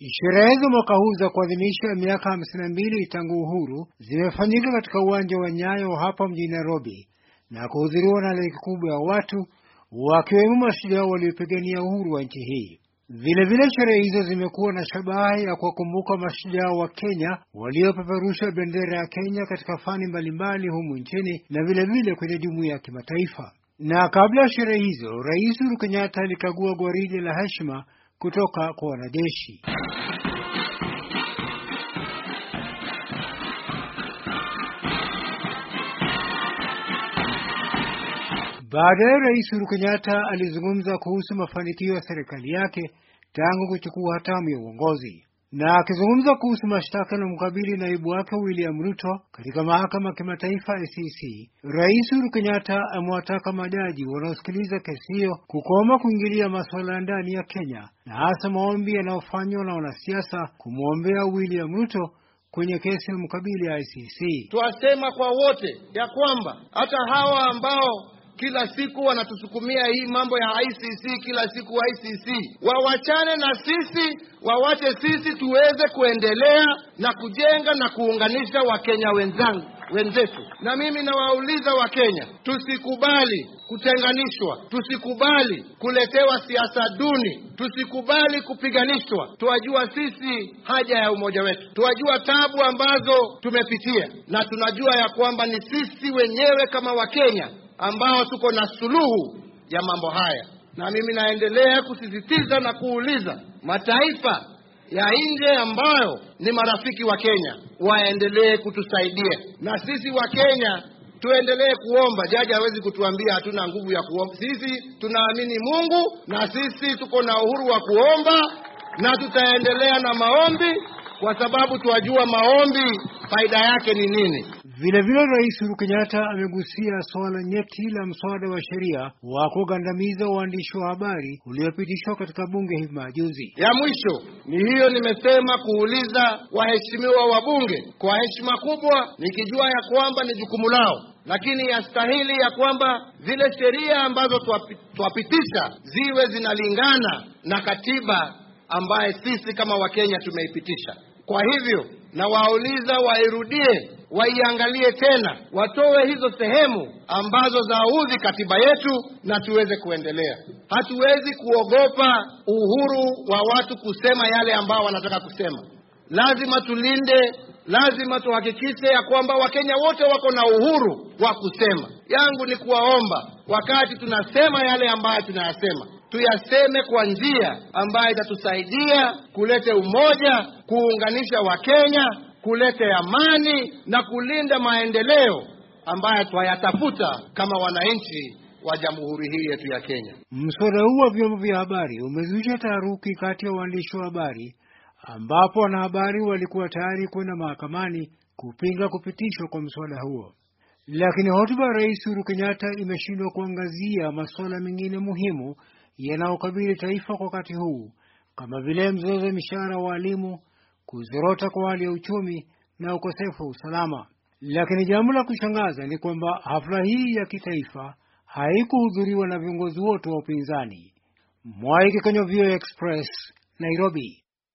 Sherehe za mwaka huu za kuadhimisha miaka hamsini na mbili tangu uhuru zimefanyika katika uwanja wa Nyayo hapa mjini Nairobi na kuhudhuriwa na laki kubwa ya watu wakiwemo mashujaa waliopigania uhuru wa nchi hii. Vilevile, sherehe hizo zimekuwa na shabaha ya kuwakumbuka mashujaa wa Kenya waliopeperusha bendera ya Kenya katika fani mbalimbali humu nchini na vilevile kwenye jumuiya ya kimataifa. Na kabla ya sherehe hizo, Rais Uhuru Kenyatta alikagua gwaride la heshima kutoka kwa wanajeshi. Baadaye Rais Uhuru Kenyatta alizungumza kuhusu mafanikio ya serikali yake tangu kuchukua hatamu ya uongozi. Na akizungumza kuhusu mashtaka yanayomkabili naibu wake William Ruto katika mahakama ya kimataifa ICC, Rais Uhuru Kenyatta amewataka majaji wanaosikiliza kesi hiyo kukoma kuingilia masuala ya ndani ya Kenya na hasa maombi yanayofanywa na wanasiasa kumwombea William Ruto kwenye kesi mkabili ya ICC. twasema kwa wote ya kwamba hata hawa ambao kila siku wanatusukumia hii mambo ya ICC, kila siku ICC. Wawachane na sisi, wawache sisi tuweze kuendelea na kujenga na kuunganisha Wakenya wenzangu wenzetu. Na mimi nawauliza Wakenya, tusikubali kutenganishwa, tusikubali kuletewa siasa duni, tusikubali kupiganishwa. Tuwajua sisi haja ya umoja wetu, tuwajua tabu ambazo tumepitia, na tunajua ya kwamba ni sisi wenyewe kama Wakenya ambao tuko na suluhu ya mambo haya, na mimi naendelea kusisitiza na kuuliza mataifa ya nje ambayo ni marafiki wa Kenya waendelee kutusaidia na sisi wa Kenya tuendelee kuomba. Jaji hawezi kutuambia hatuna nguvu ya kuomba. Sisi tunaamini Mungu na sisi tuko na uhuru wa kuomba, na tutaendelea na maombi kwa sababu tuwajua maombi faida yake ni nini. Vilevile Rais Uhuru Kenyatta amegusia suala nyeti la mswada wa sheria wa kugandamiza uandishi wa habari uliopitishwa katika bunge hivi majuzi. Ya mwisho ni hiyo, nimesema kuuliza waheshimiwa wa bunge kwa heshima kubwa, nikijua ya kwamba ni jukumu lao, lakini yastahili ya kwamba zile sheria ambazo twapitisha ziwe zinalingana na katiba ambaye sisi kama Wakenya tumeipitisha. Kwa hivyo nawauliza wairudie waiangalie tena, watoe hizo sehemu ambazo zaudhi katiba yetu na tuweze kuendelea. Hatuwezi kuogopa uhuru wa watu kusema yale ambao wanataka kusema. Lazima tulinde, lazima tuhakikishe ya kwamba Wakenya wote wako na uhuru wa kusema. Yangu ni kuwaomba, wakati tunasema yale ambayo tunayasema tuyaseme kwa njia ambayo itatusaidia kulete umoja, kuunganisha Wakenya kuleta amani na kulinda maendeleo ambayo twayatafuta kama wananchi wa jamhuri hii yetu ya Kenya. Mswada huu wa vyombo vya habari umezusha taharuki kati ya waandishi wa habari, ambapo wanahabari walikuwa tayari kwenda mahakamani kupinga kupitishwa kwa mswada huo, lakini hotuba ya Rais Uhuru Kenyatta imeshindwa kuangazia masuala mengine muhimu yanayokabili taifa kwa wakati huu kama vile mzozo wa mishahara wa walimu kuzorota kwa hali ya uchumi na ukosefu wa usalama. Lakini jambo la kushangaza ni kwamba hafla hii ya kitaifa haikuhudhuriwa na viongozi wote wa upinzani. Mwaiki kwenye VOA Express, Nairobi.